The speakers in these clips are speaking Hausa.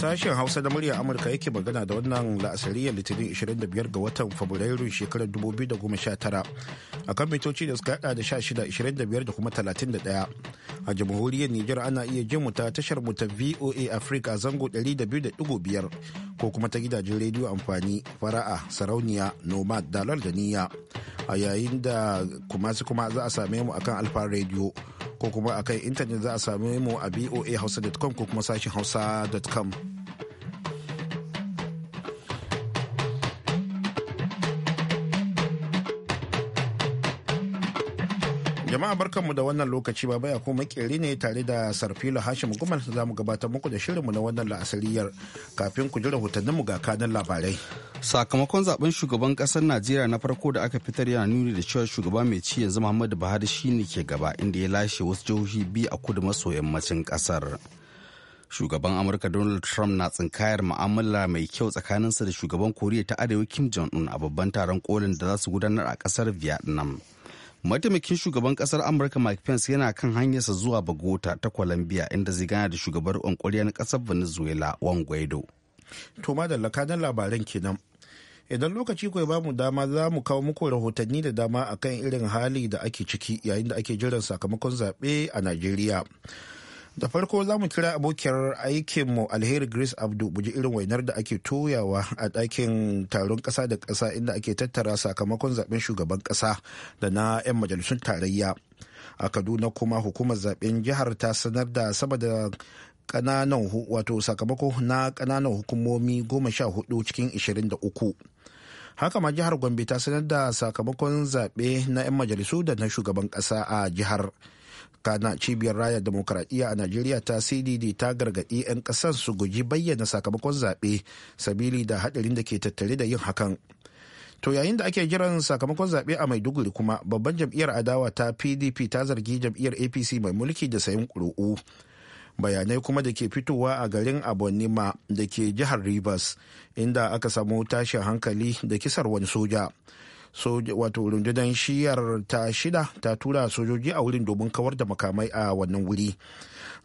Sashen Hausa da muryar Amurka yake magana da wannan la'asariyar Litinin 25 ga watan Fabrairu shekarar 2019 a kan mitoci da suka hada da 16, 25 da kuma 31. A jamhuriyar Nijar ana iya jin mu ta tashar mu ta VOA Africa zango 200.5 ko kuma ta gidajen rediyo amfani fara'a sarauniya nomad dalar da niyya a yayin da kuma su kuma za a same mu akan alfa rediyo. ko kuma a intanet za a same mu a voa hausa.com ko kuma sashen hausa.com Jama'a barkanmu da wannan lokaci baba ya kuma makeri ne tare da Sarfilo Hashim Gumal za mu gabatar muku da shirinmu na wannan la'asariyar kafin ku ji rahotanninmu ga kanan labarai. Sakamakon zaben shugaban kasar Najeriya na farko da aka fitar yana nuni da cewa shugaba mai ci yanzu Muhammadu Buhari ne ke gaba inda ya lashe wasu jihohi biyu a kudu maso yammacin kasar. shugaban amurka donald trump na tsinkayar ma'amala mai kyau tsakaninsa da shugaban koriya ta arewa kim jong-un a babban taron kolin da za su gudanar a kasar vietnam mataimakin shugaban kasar amurka mike pence yana kan hanyarsa zuwa bogota ta colombia inda zai gana da shugabar kwankwariya na kasar venezuela juan guaido to madalla kanan labaran kenan idan lokaci kai ba mu dama za mu kawo muku rahotanni da dama akan irin hali da ake ciki yayin da ake jiran sakamakon zaɓe a najeriya da farko za mu kira abokiyar aikinmu alheri grace abdu buji irin wainar da ake toyawa a ɗakin taron ƙasa da ƙasa inda ake tattara sakamakon zaben shugaban ƙasa da na 'yan majalisun tarayya a kaduna kuma hukumar zaben jihar ta sanar da sama da ƙananan wato sakamako na ƙananan hukumomi goma sha hudu cikin ishirin da uku haka ma jihar gombe ta sanar da sakamakon zaɓe na 'yan majalisu da na shugaban ƙasa a jihar. kana cibiyar raya demokradiyya a najeriya ta cdd ta gargaɗi 'yan ƙasar su guji bayyana sakamakon zaɓe sabili da haɗarin da ke tattare da yin hakan to yayin da ake jiran sakamakon zaɓe a maiduguri kuma babban jam'iyyar adawa ta pdp ta zargi jam'iyyar apc mai mulki da sayin ƙuru'u bayanai kuma da ke fitowa a garin abonima da ke jihar rivers inda aka samu tashin hankali da kisar wani soja wato rundunar shiyar ta shida ta tura sojoji a wurin domin kawar da makamai a wannan wuri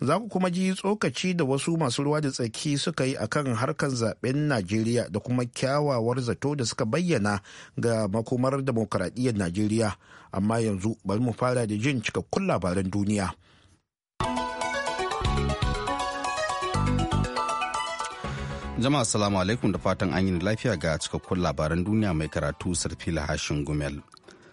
za ku kuma ji tsokaci da wasu masu ruwa da tsaki suka yi akan harkar zaben najeriya da kuma kyawawar zato da suka bayyana ga makomar demokaradiyyar najeriya amma yanzu bari mu fara da jin cikakkun labaran duniya. Jama'a salamu alaikum da fatan an yi lafiya ga cikakkun labaran duniya mai karatu sarfila hashin gumel.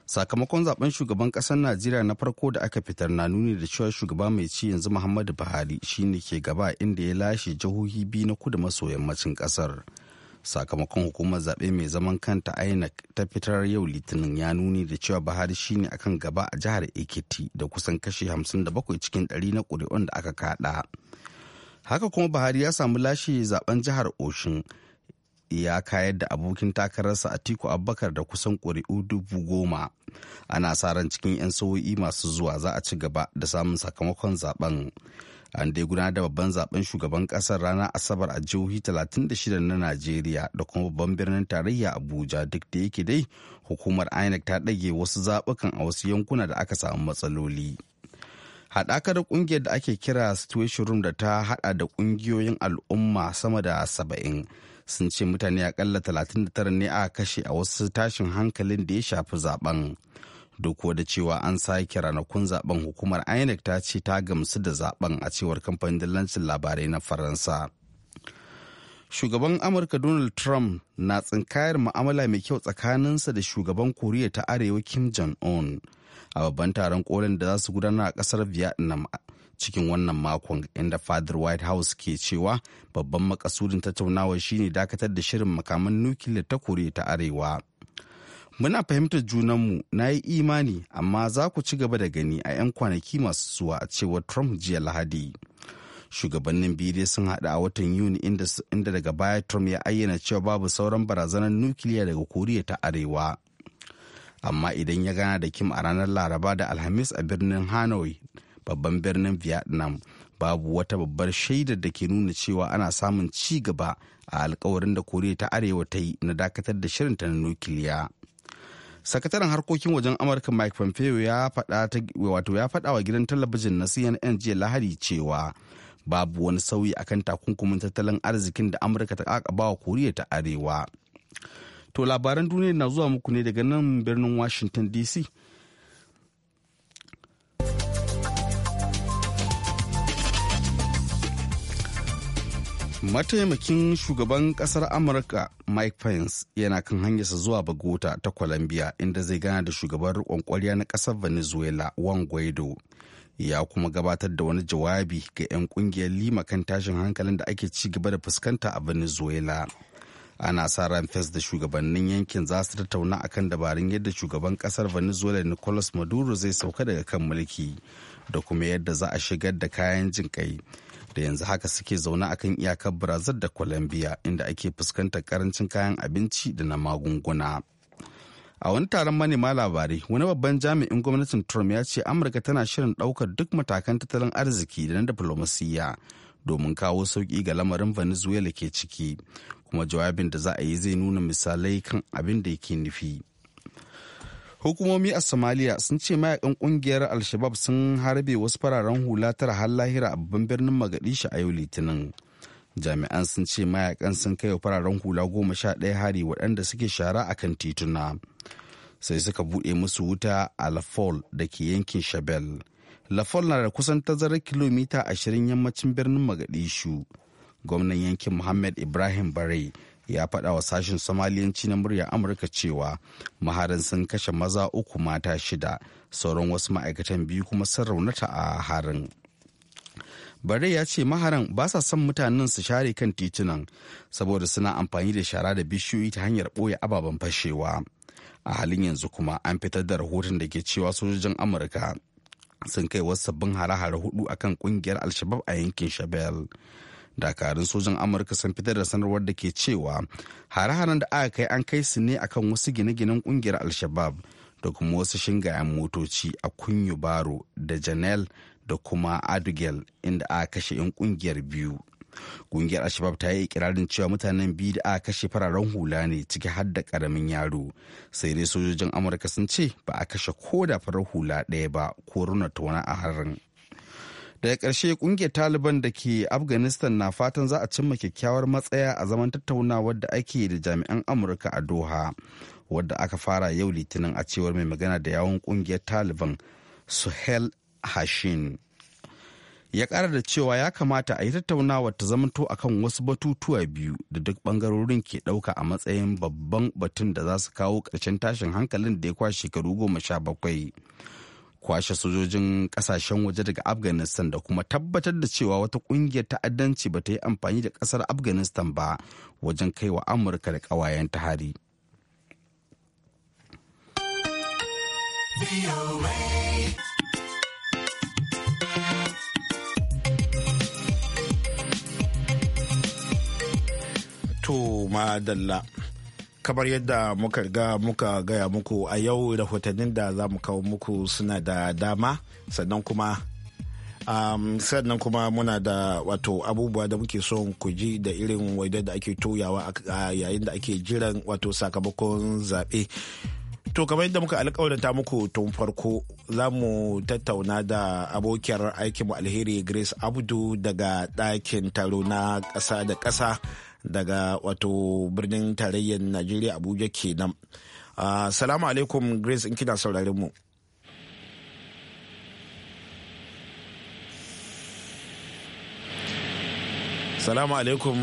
Sakamakon zaben shugaban kasar Najeriya na farko da aka fitar na nuni da cewa shugaba mai ci yanzu Muhammadu Buhari shine ke gaba inda ya lashe jihohi biyu na kudu maso yammacin kasar. Sakamakon hukumar zaɓe mai zaman kanta INEC ta fitar yau litinin ya nuni da cewa Buhari shine akan gaba a jihar Ekiti da kusan kashi 57 cikin 100 na ƙuri'un da aka kaɗa. haka kuma buhari ya samu lashe zaben jihar oshin ya kayar da abokin takararsa atiku abubakar da kusan ƙuri'u dubu goma ana sa ran cikin 'yan sauyi masu zuwa za a ci gaba da samun sakamakon zaben an dai gudanar da babban zaben shugaban kasar ranar asabar a jihohi 36 na najeriya da kuma babban birnin tarayya abuja duk da yake dai hukumar inec ta ɗage wasu zaɓukan a wasu yankuna da aka samu matsaloli. haɗakar ƙungiyar da ake kira situation room da ta haɗa da ƙungiyoyin al'umma sama da saba'in sun ce mutane akalla 39 ne a kashe a wasu tashin hankalin da ya shafi zaben duk da cewa an sake ranakun zaben hukumar inec ta ce ta gamsu da zaben a cewar kamfanin dillancin labarai na faransa shugaban amurka donald trump na tsinkayar ma'amala mai kyau tsakaninsa da shugaban koriya ta arewa kim jong-un a babban taron kolin da za su gudanar a kasar vietnam cikin wannan makon inda fadar white house ke cewa babban makasudin tattaunawa shine dakatar da shirin makaman nukiliya ta koriya ta arewa muna fahimtar junanmu na yi imani amma za ku ci gaba da gani a 'yan kwanaki masu zuwa a cewar trump jiya lahadi shugabannin biyu dai sun haɗu a watan yuni inda daga baya trump ya ayyana cewa babu sauran barazanar nukiliya daga koriya ta arewa amma idan ya gana da kim a ranar laraba da alhamis a birnin hanoi babban birnin vietnam babu wata babbar shaidar da ke nuna cewa ana samun ci gaba a alkawarin da koriya ta arewa ta yi na dakatar da shirinta na nukiliya sakataren harkokin wajen amurka mike pompeo ya faɗa wa gidan talabijin na cnn jiya lahadi cewa babu wani sauyi akan takunkumin tattalin arzikin da amurka ta kakabawa koriya ta arewa To labaran duniya na zuwa muku ne daga nan birnin Washington DC. Mataimakin shugaban kasar Amurka Mike Pence yana kan hanyarsa zuwa Bogota ta Colombia inda zai gana da shugaban riƙon ƙwarya na ƙasar Venezuela Juan Guaido. Ya kuma gabatar da wani jawabi ga 'yan ƙungiyar lima kan tashin hankalin da ake ci gaba da fuskanta a Venezuela. ana sa ran fes da shugabannin yankin za su tattauna akan dabarun yadda shugaban kasar venezuela nicolas maduro zai sauka daga kan mulki da kuma yadda za a shigar da kayan jin da yanzu haka suke a kan iyakar brazil da colombia inda ake fuskantar karancin kayan abinci da na magunguna a wani taron manema labarai wani babban jami'in gwamnatin trump ya ce amurka tana shirin daukar duk matakan tattalin arziki da na diflomasiyya domin kawo sauki ga lamarin venezuela ke ciki kuma jawabin da za a yi zai nuna misalai kan abin da yake nufi hukumomi a somalia sun ce mayakan kungiyar al-shabab sun harbe wasu fararen hula tara har lahira a babban birnin magadisha a yau litinin jami'an sun ce mayakan sun kai wa fararen hula goma sha ɗaya hari waɗanda suke shara a kan tituna sai suka buɗe musu wuta a lafol da ke yankin shabel lafol na da kusan tazarar kilomita ashirin yammacin birnin magadishu gwamnan yankin muhammad ibrahim barai ya faɗa wa sashen somaliyanci na muryar amurka cewa maharin sun kashe maza uku mata shida sauran wasu ma'aikatan biyu kuma sun raunata a harin bare ya ce maharan ba sa son mutanen su share kan titunan saboda suna amfani da shara da bishiyoyi ta hanyar ɓoye ababen fashewa a halin yanzu kuma an fitar da rahoton da ke cewa sojojin amurka sun kai wasu sabbin hare-hare hudu akan kungiyar alshabab a yankin shabel dakarun sojan amurka sun fitar da sanarwar da ke cewa hare-haren da aka kai an kai su ne akan wasu gine-ginen kungiyar al-shabab da kuma wasu shingayen motoci a kunyu baro da janel da kuma adugel inda aka kashe 'yan kungiyar biyu kungiyar al-shabab ta yi ikirarin cewa mutanen biyu da aka kashe fararen hula ne ciki har da karamin yaro sai dai sojojin amurka sun ce ba a kashe ko da farar hula ɗaya ba ko runa wani a harin daga ƙarshe ƙungiyar taliban da ke afghanistan na fatan za a cimma kyakkyawar matsaya a zaman tattaunawar da ake da jami'an amurka a doha wadda aka fara yau litinin a cewar mai magana da yawon ƙungiyar taliban suhel hashin ya ƙara da cewa ya kamata a yi tattaunawar ta zamanto a kan wasu batutuwa biyu da duk bangarorin ke ɗauka a matsayin babban batun da za su kawo ƙarshen tashin hankalin da ya kwashe shekaru goma sha bakwai kwashe sojojin kasashen waje daga afghanistan da kuma tabbatar da cewa wata kungiyar ta'addanci ba ta yi amfani da kasar afghanistan ba wajen kai wa amurka da kawayen ta hari to madalla kamar yadda muka ga muka gaya muku a yau rahotannin da za mu kawo muku suna da dama sannan kuma um, sannan kuma muna da wato abubuwa da muke son ku ji da irin waida da ake toyawa a yayin da ake jiran wato sakamakon zaɓe to kamar yadda muka alkawarinta muku tun farko za mu tattauna da abokiyar aikinmu alheri grace abdu daga ɗakin taro na ƙasa da ƙasa daga wato birnin tarayyar najeriya abuja kenan uh, salamu alaikum grace in kina saurarin mu salamu alaikum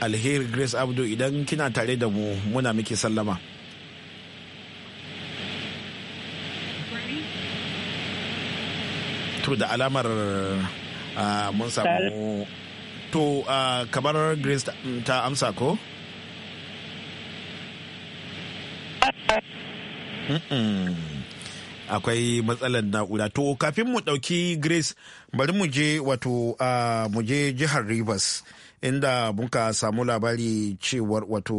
alheri grace abdu idan kina tare da mu muna muke sallama to da alamar uh, mun samu to uh, kamar grace ta amsa ko akwai matsalar na'ura to kafin mu ɗauki grace bari mu je wato uh, mu je jihar rivers inda muka samu labari cewar wato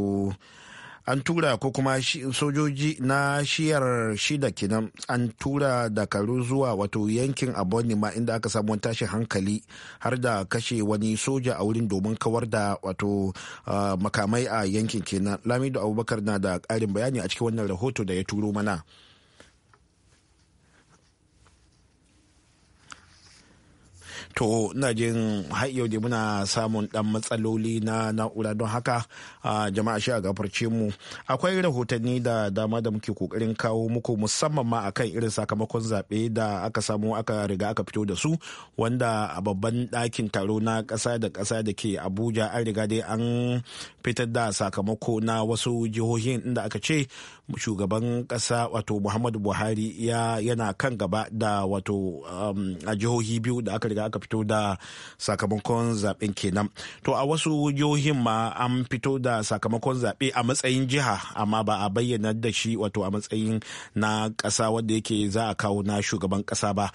an tura ko kuma sojoji na shiyar shida kenan an tura da dakaru zuwa wato yankin abonni ma inda aka samu tashin hankali har da kashe wani soja a wurin domin kawar da wato ah, makamai a yankin kenan lamido abubakar na da ƙarin bayani a cikin wannan rahoto da ya turo mana. to ina jin har yau da muna samun dan matsaloli na na'ura don haka a jama'a shi a gafarce mu akwai rahotanni da dama da muke kokarin kawo muku musamman ma akan irin sakamakon zaɓe da aka samu aka riga aka fito da su wanda a babban ɗakin taro na ƙasa da ƙasa da ke abuja an riga dai an fitar da sakamako na wasu jihohin inda aka ce shugaban ƙasa wato muhammadu buhari yana kan gaba da wato um, a jihohi biyu da aka riga aka fito da sakamakon zaben kenan to a wasu jihohin ma an fito da sakamakon zaɓe a matsayin jiha amma ba a bayyana da shi wato a matsayin na ƙasa wanda yake za a kawo na shugaban ƙasa ba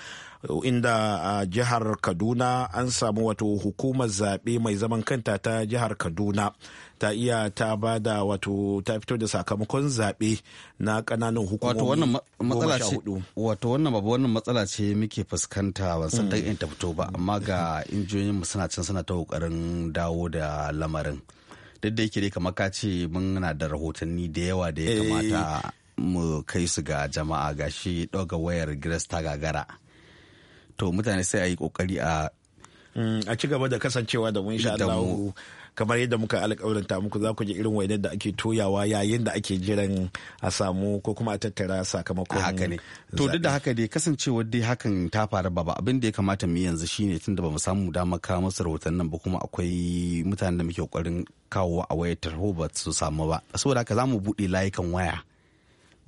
inda a jihar kaduna an samu wato hukumar zaɓe mai zaman kanta ta jihar kaduna ta iya ta ba da wato ta fito da sakamakon zaɓe na ƙananan hukumomi wato wannan babu wannan matsala ce muke fuskanta ban san dan mm. ta fito ba amma ga injiyoyin mu suna can suna ta kokarin dawo da lamarin duk da yake dai kamar ka ce muna da rahotanni da yawa da ya kamata eh. mu kai su ga jama'a gashi ɗoga wayar grace ta gagara to mutane sai a yi kokari a Mm, a ci gaba da kasancewa da mun sha Allah kamar yadda muka alƙawarinta muku za ku ji irin wainar da ake toyawa yayin da ake jiran a samu ko kuma a tattara sakamakon haka ne to duk da haka dai kasancewar dai hakan ta faru ba abin da ya kamata mu yanzu shine tunda bamu samu dama kawo rahoton nan. ba kuma akwai mutanen da muke kokarin kawo a wayar ba su samu ba saboda haka za mu buɗe layukan waya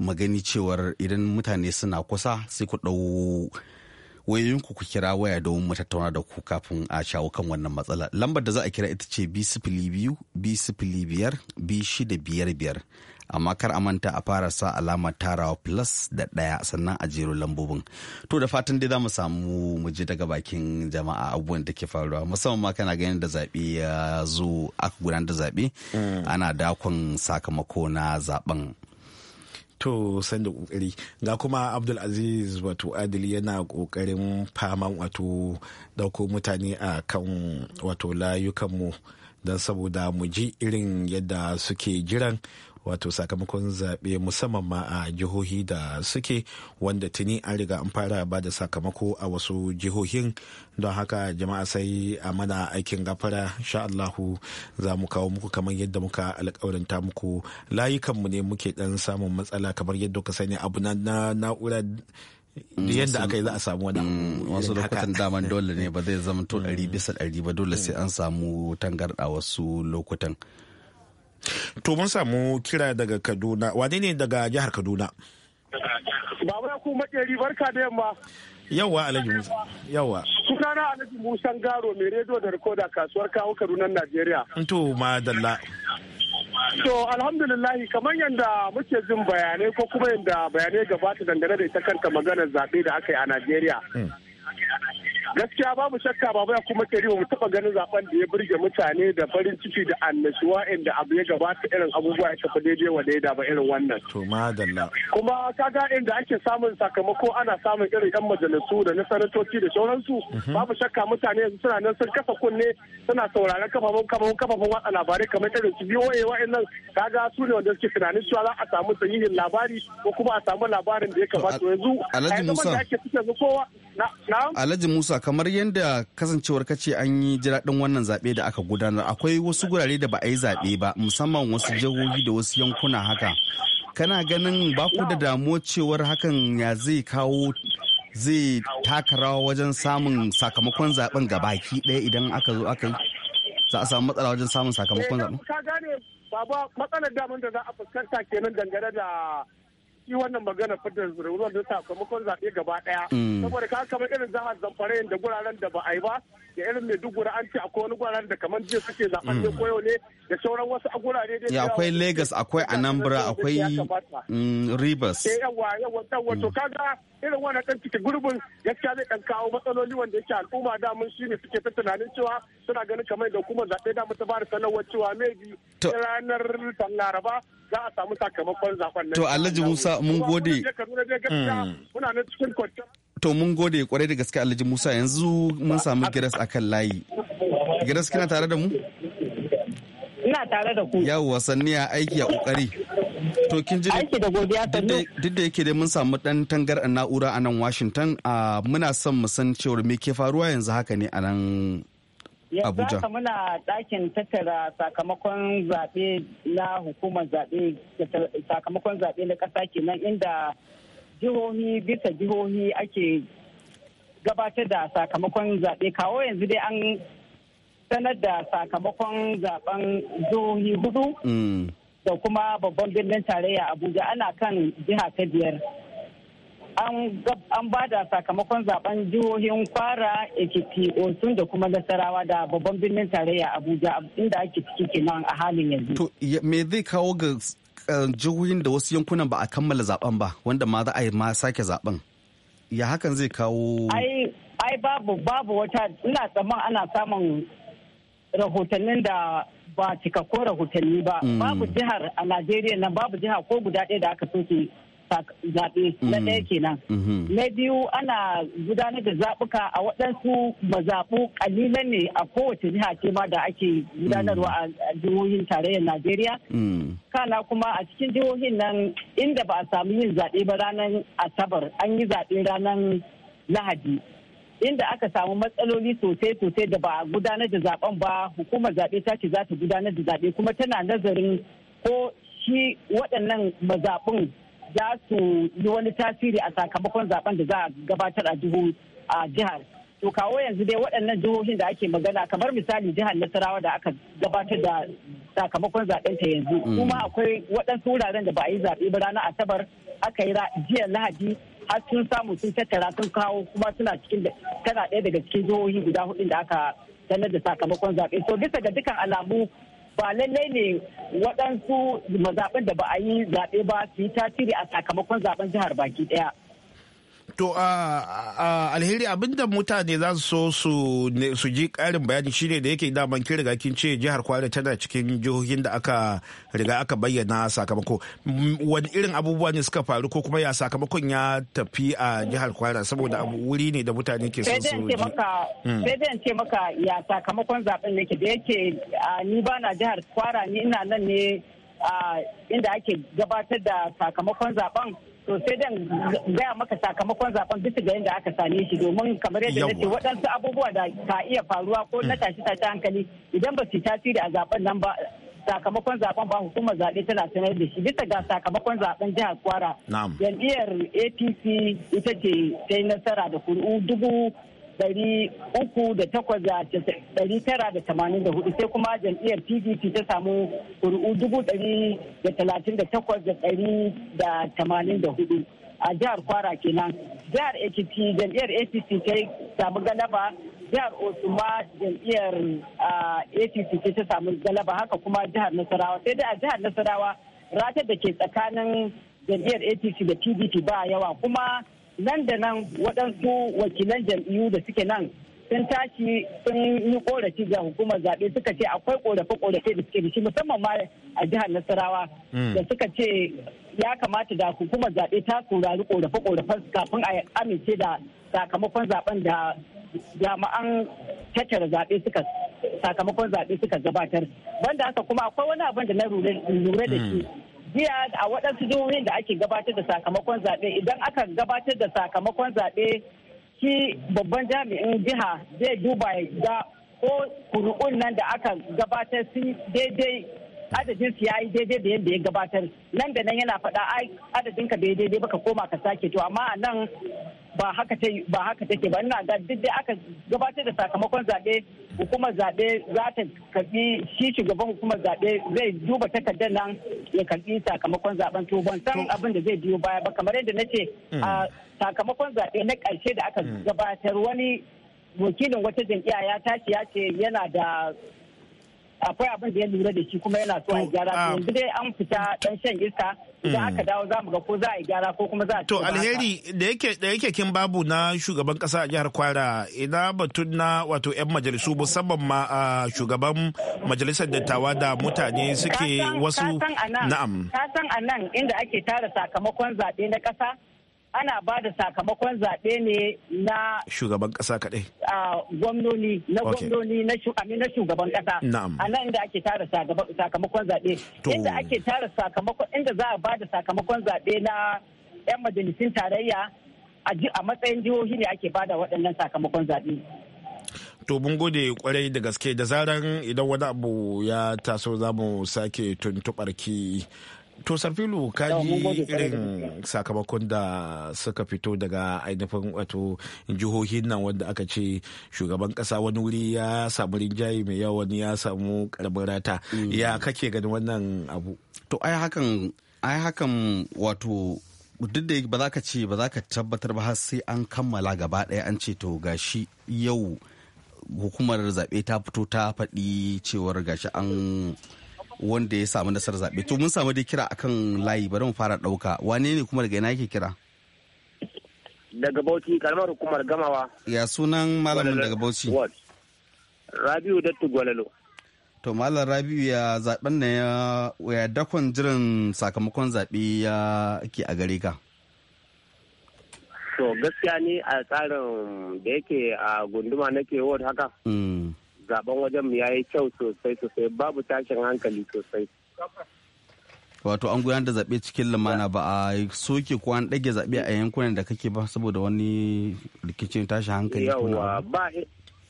magani cewar idan mutane suna kusa sai ku ɗau wayoyinku ku kira waya domin mu tattauna da ku kafin a shawo kan wannan matsala lambar da za a kira ita ce b sifili biyu b sifili biyar b shida biyar biyar amma kar a manta a fara sa alamar tarawa plus da ɗaya sannan a jero lambobin to da fatan dai za mu samu mu ji daga bakin jama'a abubuwan da ke faruwa musamman ma kana ganin da zaɓe ya zo aka gudanar da zaɓe mm. ana dakon sakamako na zaɓen to sanda da kokari ga kuma abdul aziz wato adili yana kokarin faman wato dauko mutane a kan wato layukanmu don saboda mu ji irin yadda suke jiran wato sakamakon zaɓe musamman ma a jihohi da suke wanda tuni an riga an fara ba da sakamako a wasu jihohin don haka jama'a sai a mana aikin gafara sha Allahu za mu kawo muku kamar yadda muka alkawarinta muku layukanmu ne muke dan samun matsala kamar yadda ka sani abu na na'ura yadda aka yi za a samu wani mm, wasu lokutan daman dole ne ba zai zama to ɗari mm. bisa ɗari ba dole sai an samu tangarɗa wasu lokutan To mun samu kira daga Kaduna, wane ne daga jihar Kaduna? Baba ku makeri barka da yamma. Yawwa Alhaji Musa. Yawwa. Sunana Alhaji Musa Garo mai rediyo da rikoda kasuwar kawo Kaduna Najeriya. To madalla. To alhamdulillah kamar yadda muke jin bayanai ko kuma yadda bayanai gabata dangane da ita kanta maganar zaɓe da aka yi a Najeriya. Hmm. gaskiya babu shakka ba baya kuma kari mu taba ganin zaben da ya burge mutane da farin ciki da annashuwa inda abu ya gabata irin abubuwa ya tafi daidai wa daida ba irin wannan to madalla kuma kaga inda ake samun sakamako ana samun irin yan majalisu da na sanatoci da sauransu mhm. babu shakka mutane yanzu suna nan sun kafa kunne suna sauraron kafafun kafafun kafafun watsa labarai kamar irin su BOA nan kaga su ne wanda suke tunanin cewa za a samu sahihin labari ko kuma a samu labarin da ya kamata yanzu alhaji musa Alhaji Musa Musa kamar yadda kasancewar kace an yi jiraɗin wannan zaɓe da aka gudanar akwai wasu gurare da ba a yi zaɓe ba musamman wasu jihohi da wasu yankuna haka kana ganin ba ku da damuwa cewar hakan ya zai kawo zai taka rawa wajen samun sakamakon zaben baki ɗaya idan aka zo aka yi za a samu matsala wajen samun sakamakon zaben. Eh, ka gane matsalar damar da za a fuskanta kenan dangane da shi wannan magana fitar ruwan da sakamakon zaɓe gaba ɗaya. Mm. Saboda ka kamar irin zahar Zamfara da guraren da ba a yi ba da irin mai duk an ce akwai wani guraren da kamar jiya suke zaɓen ne ko yau ne da sauran wasu a gurare dai. Ya akwai Lagos akwai Anambra akwai mm, Rivers. Eh, yawwa, yawwa, yawwa, to mm. kaga irin wannan ɗan cike gurbin gaskiya zai ɗan kawo matsaloli wanda yake al'umma da mun shi ne suke ta tunanin cewa suna ganin kamar da kuma zaɓe da mu ta fara sanarwar cewa maybe ranar laraba za a samu sakamakon zaɓen nan. To Alhaji Musa mun gode. Mm. Muna nan cikin kwanciyar. To mun gode kwarai da gaske Alhaji Musa yanzu mun samu giras akan layi. Giras kina tare da mu? Ina tare da ku. wasanni sanniya aiki a ƙoƙari. To kin ji duk da yake dai mun samu dan tangar a na'ura a nan Washington muna son mu san cewar me ke faruwa yanzu haka ne a nan Abuja. Yanzu muna ɗakin tattara sakamakon zaɓe na hukumar zaɓe sakamakon zaɓe na ƙasa kenan inda jihohi bisa jihohi ake gabatar da sakamakon zaɓe kawo yanzu dai an sanar da sakamakon zaɓen jihohi hudu. Mm. da kuma babban birnin tarayya abuja ana kan jiha ta biyar an ba da sakamakon zaben jihohin kwara ekiti osun da kuma nasarawa da babban birnin tarayya abuja inda ake ciki kenan a halin yanzu to me zai kawo ga eh, jihohin da wasu yankunan ba a kammala zaben ba wanda ma za a yi ma sake zaben ya hakan zai kawo ai babu babu wata ina tsaman ana samun rahotannin da ba cikakkun rahotanni ba mm. babu jihar a najeriya nan babu jiha ko guda ɗaya da aka soke zaɓe na mm. ɗaya kenan. Mm-hmm. Na biyu ana gudanar da zaɓuka a waɗansu mazaɓu ƙalilan ne a kowace jiha ce ma da ake gudanarwa mm. a jihohin tarayyar Najeriya. Kana kuma a cikin jihohin nan inda ba a samu yin zaɓe ba ranar Asabar an yi zaɓe ranar Lahadi. inda aka samu matsaloli sosai sosai da ba a gudanar da zaben ba hukumar zaɓe ta ce za ta gudanar da zaɓe kuma tana nazarin ko shi waɗannan mazaɓin za su yi wani tasiri a sakamakon zaben da za a gabatar a jihar to kawo yanzu dai waɗannan jihohin da ake magana kamar misali jihar nasarawa da aka gabatar da sakamakon zaben ta yanzu mm. kuma akwai waɗansu wuraren da ba a yi zaɓe ba ranar asabar aka yi jiya lahadi har sun samu sun tattara sun kawo kuma suna cikin tana ɗaya daga cikin jihohi guda hudu da aka sanar da sakamakon zaɓe so bisa ga dukkan alamu ba lallai ne waɗansu mazaɓen da ba a yi zaɓe ba su yi tasiri a sakamakon zaɓen jihar baki ɗaya to alheri abinda mutane za su so su ji karin bayani shine da yake daman kin riga kin ce jihar Kwara tana cikin jihohin da aka riga aka bayyana sakamako wani irin abubuwa ne suka faru ko kuma ya sakamakon ya tafi a jihar Kwara saboda wuri ne da mutane ke son su ji sai dai hmm. ce maka ya sakamakon zaben ne ke da yake ni ba na jihar Kwara ni ina nan ne inda ake gabatar da sakamakon zaben to sai dan gaya maka sakamakon zaben bisa ga yadda aka same shi domin kamar yadda nace waɗansu abubuwa da ka iya faruwa ko na hmm. tashi tashi hankali idan ba su tasiri a zaben nan ba sakamakon zaben ba hukumar zaɓe tana sanar da shi bisa ga sakamakon zaben jihar kwara jam'iyyar apc ita ce ta yi nasara da kuri'u dubu ɗari uku da takwas da ɗari tara da tamanin da hudu sai kuma jam'iyyar pdp ta samu kuri'u dubu dari da talatin da takwas da dari da tamanin da hudu a jihar kwara kenan jihar ekiti jam'iyyar apc ta samu galaba jihar osuma jam'iyyar apc ta samu galaba haka kuma jihar nasarawa sai dai a jihar nasarawa ratar da ke tsakanin jam'iyyar apc da pdp ba yawa kuma nan da nan waɗansu wakilan jam'iyyu da suke nan sun tashi sun yi korafi ga hukumar zaɓe suka ce akwai korafe-korafe da suke da shi musamman ma a jihar Nasarawa hmm. da suka ce ya kamata da hukumar zaɓe ta saurari korafe-korafen kafin a amince da sakamakon zaben da jama'an tattara zaɓe suka sakamakon zaɓe suka gabatar banda haka kuma akwai wani abin da na lura da shi hmm. jiya a waɗansu jihohin da ake gabatar da sakamakon zaɓe idan aka gabatar da sakamakon zaɓe shi babban jami'in jiha zai duba ya ga ko kunu'un nan da aka gabatar sun daidai adadin su yi daidai da yadda ya gabatar nan da nan yana faɗa ai adadin ka bai daidai baka koma ka sake to amma a nan ba haka ta ba take ba ina ga duk dai aka gabatar da sakamakon zaɓe hukumar zaɓe za ta karbi shi shugaban hukumar zaɓe zai duba takardar nan ya karbi sakamakon zaben to ban san abin da zai biyo baya ba kamar yadda ce hmm. a sakamakon zaɓe na ƙarshe da aka hmm. gabatar wani wakilin wata jam'iyya ya tashi ya ce yana da akwai abin da ya lura da shi kuma yana so a gyara ah. yanzu dai an fita dan shan iska idan hmm. aka dawo za mu ga ko za a yi gyara ko kuma za a to alheri da yake da yake kin babu na shugaban kasa a jihar Kwara ina batun na wato yan majalisu musamman ma a ah, shugaban majalisar dattawa da mutane suke wasu na'am ka san anan inda ake tara sakamakon zabe na kasa ana ba da sakamakon zaɓe ne na shugaban ƙasa kaɗai. gwamnoni na gwamnoni na shugaban ƙasa. A nan inda ake tara sakamakon zaɓe. Inda ake tara sakamakon inda za a ba da sakamakon zaɓe na 'yan majalisun tarayya a matsayin jihohi ne ake bada waɗannan sakamakon zaɓe. To mun gode kwarai da gaske da zaran idan wani abu ya taso za mu sake tuntuɓar ki To Sarfilu ka ji irin sakamakon da suka fito daga ainihin wato jihohin nan wanda aka ce shugaban kasa wani wuri ya samu rinjaye mai yawa wani ya samu karbin rata mm. ya kake ganin wannan abu. To ai hakan ai hakan wato duk da ba za ka ce ba za ka tabbatar ba har sai an kammala gaba ɗaya an ce to gashi yau hukumar zaɓe ta fito ta faɗi cewar gashi an wanda ya samu nasarar zaɓe to mun samu dai kira akan layi bari mu fara ɗauka wane ne kuma daga ina yake kira daga bauchi kalmar hukumar gamawa ya sunan malamin daga bauchi rabiu dattu gwalalo to malam rabiu ya zaben na ya dakon jiran sakamakon zaɓe ya ke a gare ka to gaskiya ni a tsarin da yake a gunduma nake ward haka mm. zaben wajen mu yayi kyau sosai sosai babu tashin hankali sosai wato an gudanar da zaɓe cikin lumana ba a soke ko an ɗage zaɓe a yankunan da kake ba saboda wani rikicin tashi hankali ko na ba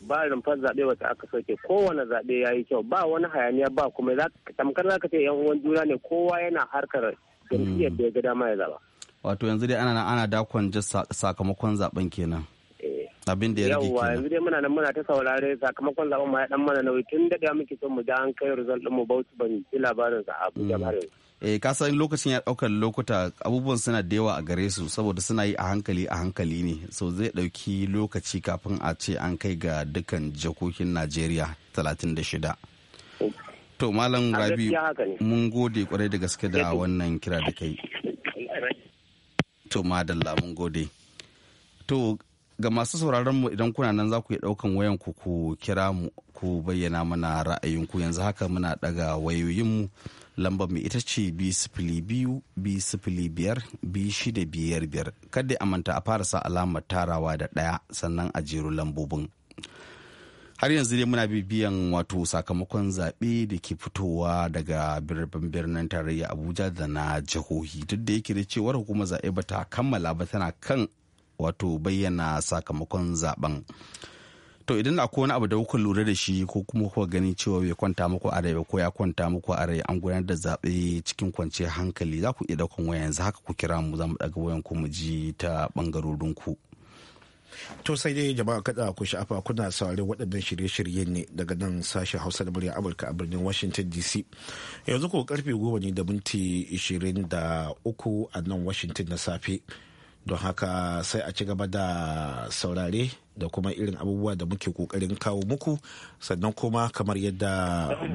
ba rumfar zaɓe wata aka soke kowane zaɓe ya yi kyau ba wani hayaniya ba kuma tamkar za ka ce yan uwan juna ne kowa yana harkar jam'iyyar mm. da ya ga dama ya zaba wato yanzu dai ana ana dakon sakamakon zaben kenan abin da ya rage yawa yanzu dai muna muna ta saurare sakamakon zaben ma ya dan mana nauyi tun da muke son mu ja an kai result din mu bauchi ban ji labarin sa Abuja har mm. eh ka san lokacin ya daukar lokuta abubuwan suna da yawa a gare su saboda suna yi a hankali a hankali ne so zai dauki lokaci kafin a ce an kai ga dukkan jakokin najeriya 36 to malam rabi mun gode kwarai da gaske da wannan kira da kai to madalla mun gode to ga masu sauraron mu idan kuna nan za ku yi ɗaukan wayan ku ku kira mu ku bayyana mana ra'ayinku yanzu haka muna ɗaga wayoyinmu lambar mu ita ce b sifili biyu b sifili biyar b shida biyar biyar kada a manta a fara sa alamar tarawa da ɗaya sannan a jeru lambobin har yanzu dai muna bibiyan wato sakamakon zaɓe da ke fitowa daga birnin birnin tarayya abuja da na jihohi duk da yake da cewar hukumar zaɓe ba ta kammala ba tana kan wato bayyana sakamakon zaben to idan akwai wani abu da kuka lura da shi ko kuma kuka gani cewa bai kwanta muku a rai ko ya kwanta muku a rai an gudanar da zaɓe cikin kwanciyar hankali za ku iya ɗaukan waya yanzu haka ku kira mu za mu ɗaga wayan ku mu ji ta ɓangarorin ku. To sai dai jama'a kada ku sha'afa kuna saurin waɗannan shirye-shiryen ne daga nan sashen Hausa da muryar Amurka a birnin Washington DC. Yanzu ko karfe goma ne da minti da uku a nan Washington na safe. don haka sai a ci gaba da saurare da kuma irin abubuwa da muke kokarin kawo muku sannan kuma kamar yadda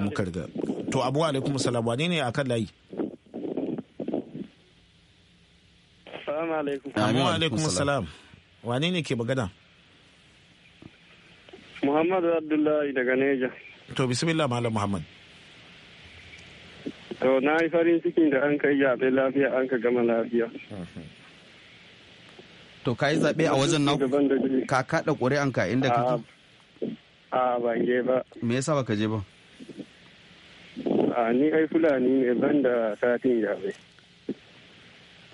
muka riga to abu alaikum salam wane ne akan layi abuwa alaikum salam wane ne ke magana Muhammadu Abdullahi daga Neja to bismillah malam Muhammad to na yi farin cikin da an kai yaɓe lafiya an ka gama lafiya mhm. To ka yi zaɓe a wajen na ka kaɗa ƙuri'anka inda kake? A ban je ba. Me yasa baka je ba? A ni ai Fulani ne ban da satin jabe.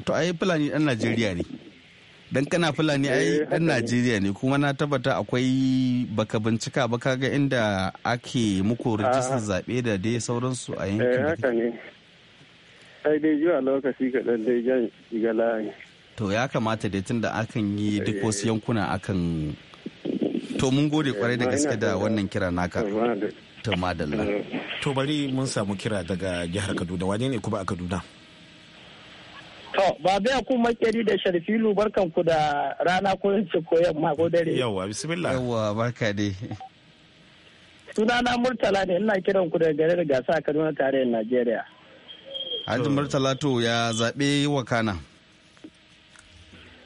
To ai Fulani ɗan Najeriya ne. Dan kana Fulani ai eh, ɗan Najeriya ne kuma na tabbata akwai baka bincika ba kaga inda ake muku rijistar zaɓe da dai sauransu a yankin. Eh ne. Ai dai zuwa lokaci kaɗan dai jan shiga layi. to ya kamata tun da akan yi duk wasu yankuna akan to mun gode kwarai da gaske da wannan kira naka ta madalla to bari mun samu kira daga jihar kaduna wane ne kuma a kaduna To, ba biya ku makeri da Sharifilu barkan ku da rana ko yace ko yamma ko dare. yawa bismillah. yawa barka dai. Sunana Murtala ne, ina kiran ku daga garin Gasa Kaduna tarayyar Najeriya. hajji Murtala to ya zaɓe wa kana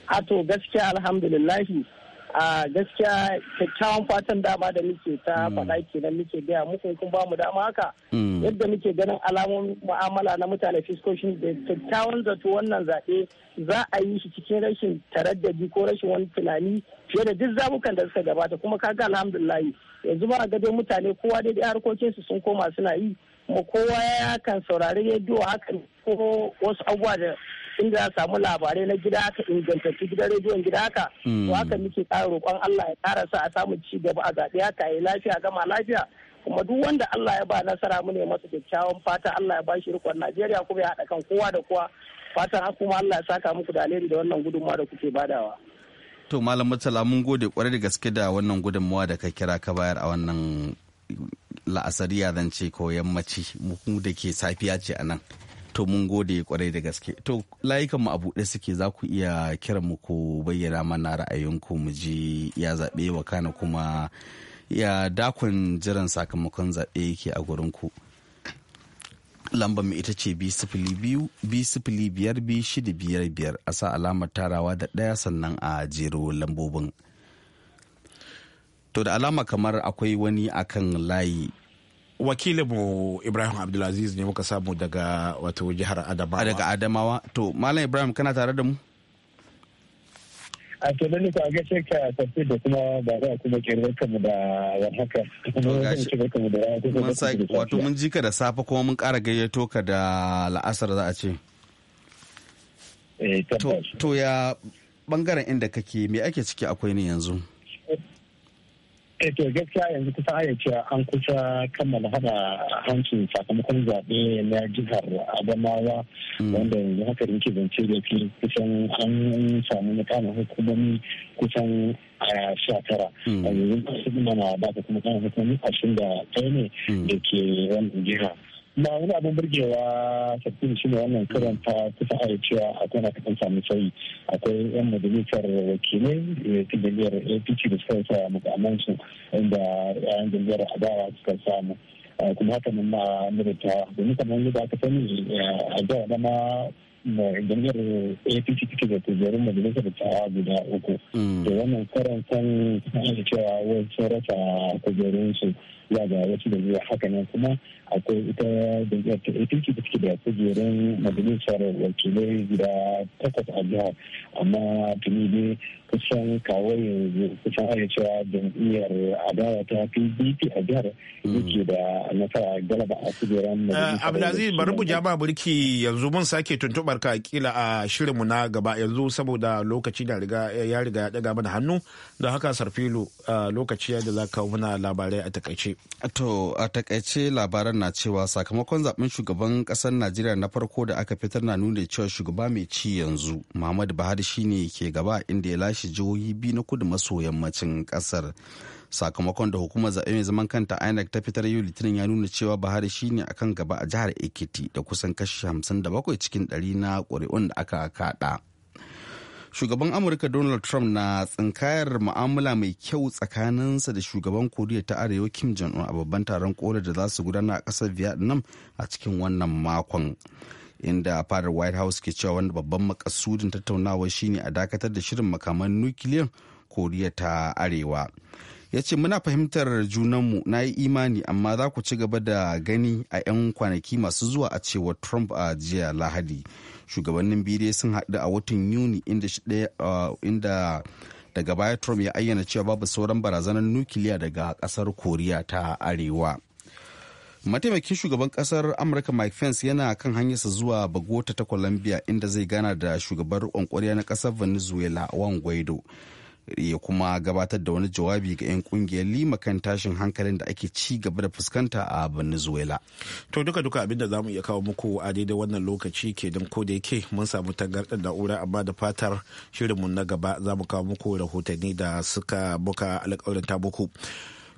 ato gaskiya alhamdulillahi a gaskiya kyakkyawan fatan dama da muke ta mm. faɗa kenan muke gaya muku kun ba mu dama haka mm. yadda muke ganin alamun mu'amala na mutane fiskoshin da kyakkyawan zato wannan zaɓe za a yi shi cikin rashin taraddadi ko rashin wani tunani fiye da duk zabukan da suka gabata kuma kaga alhamdulillahi yanzu ba ga dai mutane kowa dai harkokinsu sun koma suna yi mu kowa ya kan saurari rediyo hakan ko wasu abubuwa da inda za samu labarai na gida ka ingantattu gidan rediyon gida haka to mm. haka muke ƙara roƙon Allah ya kara sa a samu ci gaba a zaɓe haka yi lafiya gama lafiya kuma duk wanda Allah ya ba nasara mu ne masa kyakkyawan fata Allah ya ba shi rikon Najeriya kuma ya haɗa kan kowa da kowa fatan haka kuma Allah ya saka muku da alheri da wannan gudunmawa da kuke badawa. To Malam Murtala mun gode kwarai da gaske da wannan gudunmawa da ka kira ka bayar a wannan la'asariya zan ce ko yammaci mu da ke safiya ce a nan. to mun gode kwarai da gaske to layukan mu a buɗe suke za ku iya kiran mu ko bayyana mana ra'ayinku mu ji ya zaɓe wa kana kuma ya dakon jiran sakamakon zaɓe yake a gurin ku lambar mu ita ce b sifili biyu sifili biyar a sa alamar tarawa da ɗaya sannan a jero lambobin to da alama kamar akwai wani akan layi wakilinmu ibrahim abdulaziz ne muka samu daga wato jihar adamawa daga adamawa to malam ibrahim kana tare da mu a to da nika ga sai ka tafi da kuma ba za kuma ke mu da warhaka wato mun jika da safe kuma mun ƙara gayyato ka da la'asar za a ce eh, to ya bangaren inda kake me ake ciki akwai ne yanzu eh to gaskiya yanzu kusan a cewa an kusa kammala hada hancin sakamakon zaɓe na jihar adamawa hmm. wanda yanzu haka yake zance da fi kusan an samu mutanen hukumomi kusan a sha tara hmm. yanzu kuma na ba ta kuma kan hukumomi ashirin da ɗaya ne hmm. da ke wannan jiha ba wani abin burgewa sabbin shi ne wannan karanta ta kusa a cewa akwai na kasan sami sauyi akwai yan majalisar wakilai eh, ta jam'iyyar apc da suka sa mukamman su inda yayan jam'iyyar adawa suka samu eh, kuma haka nan ma mirita domin kamar yadda aka sani eh, a jihar da ma apc take da kujerun majalisar ta guda uku da mm. wannan karan san cewa wasu rasa kujerun su ya ga wasu da zuwa haka nan kuma akwai ita jam'iyyar ta APC da take da kujerun majalisar wakilai guda takwas a jihar amma tuni ne kusan kawo yanzu kusan ana cewa jam'iyyar adawa ta PDP a jihar hmm. yake da nasara galaba a kujerun eh, majalisar Abdulaziz bari mu ja ba birki yanzu mun sake tuntubar ka kila a shirin mu na gaba yanzu saboda lokaci da riga ya riga ya daga mana hannu da haka sarfilo eh, lokaci da za ka muna labarai a takaice. To a takaice labaran na cewa sakamakon zaben shugaban kasar Najeriya na farko da aka fitar na nuna cewa shugaba mai ci yanzu Muhammadu Buhari shine ke gaba inda ya lashe jihohi biyu na kudu maso yammacin kasar. Sakamakon da hukumar zaɓe mai zaman kanta INEC ta fitar yau Litinin ya nuna cewa Buhari shine akan gaba a jihar Ekiti da kusan kashi hamsin da bakwai cikin 100 na ƙuri'un da aka kaɗa. shugaban amurka donald trump na tsinkayar mu'amala mai kyau tsakaninsa da shugaban koriya ta arewa kim jong-un a babban taron kola da za su gudana a kasar vietnam a cikin wannan makon inda fadar white house ke cewa wani babban makasudin tattaunawa shine a dakatar da shirin makaman nukiliyan koriya ta arewa ya ce muna fahimtar junanmu na yi imani amma za ku ci gaba da gani a 'yan kwanaki masu zuwa a cewa trump a jiya lahadi shugabannin bidiyo sun haɗu a watan yuni inda daga baya trump ya ayyana cewa babu sauran barazanar nukiliya daga ƙasar koriya ta arewa mataimakin shugaban kasar amurka mike pence yana kan hanyarsa zuwa bogota ta columbia inda zai gana da shugabar kwankwariya na kasar venezuela juan guaido ya kuma gabatar da wani jawabi ga 'yan kungiyar lima kan tashin hankalin da ake ci gaba da fuskanta a venezuela to duka duka abinda za mu iya kawo muku a daidai wannan lokaci ke don ko da yake mun samu tangarɗar na'ura amma da fatar shirinmu na gaba za mu kawo muku rahotanni da suka buka alƙawarin muku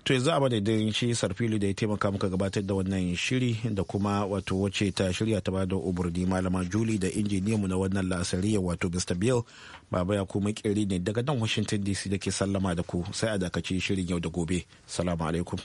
to yanzu a madadin shi sarfili da ya taimaka muka gabatar da wannan shiri da kuma wato wacce ta shirya ta bada umarni malama juli da injiniyanmu na wannan lasariya wato mr bill baba ya kuma kiri ne daga nan washington dc da ke sallama da ku sai a dakaci shirin yau da gobe salamu alaikum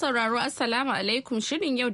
sauraro Assalamu alaikum shirin yau da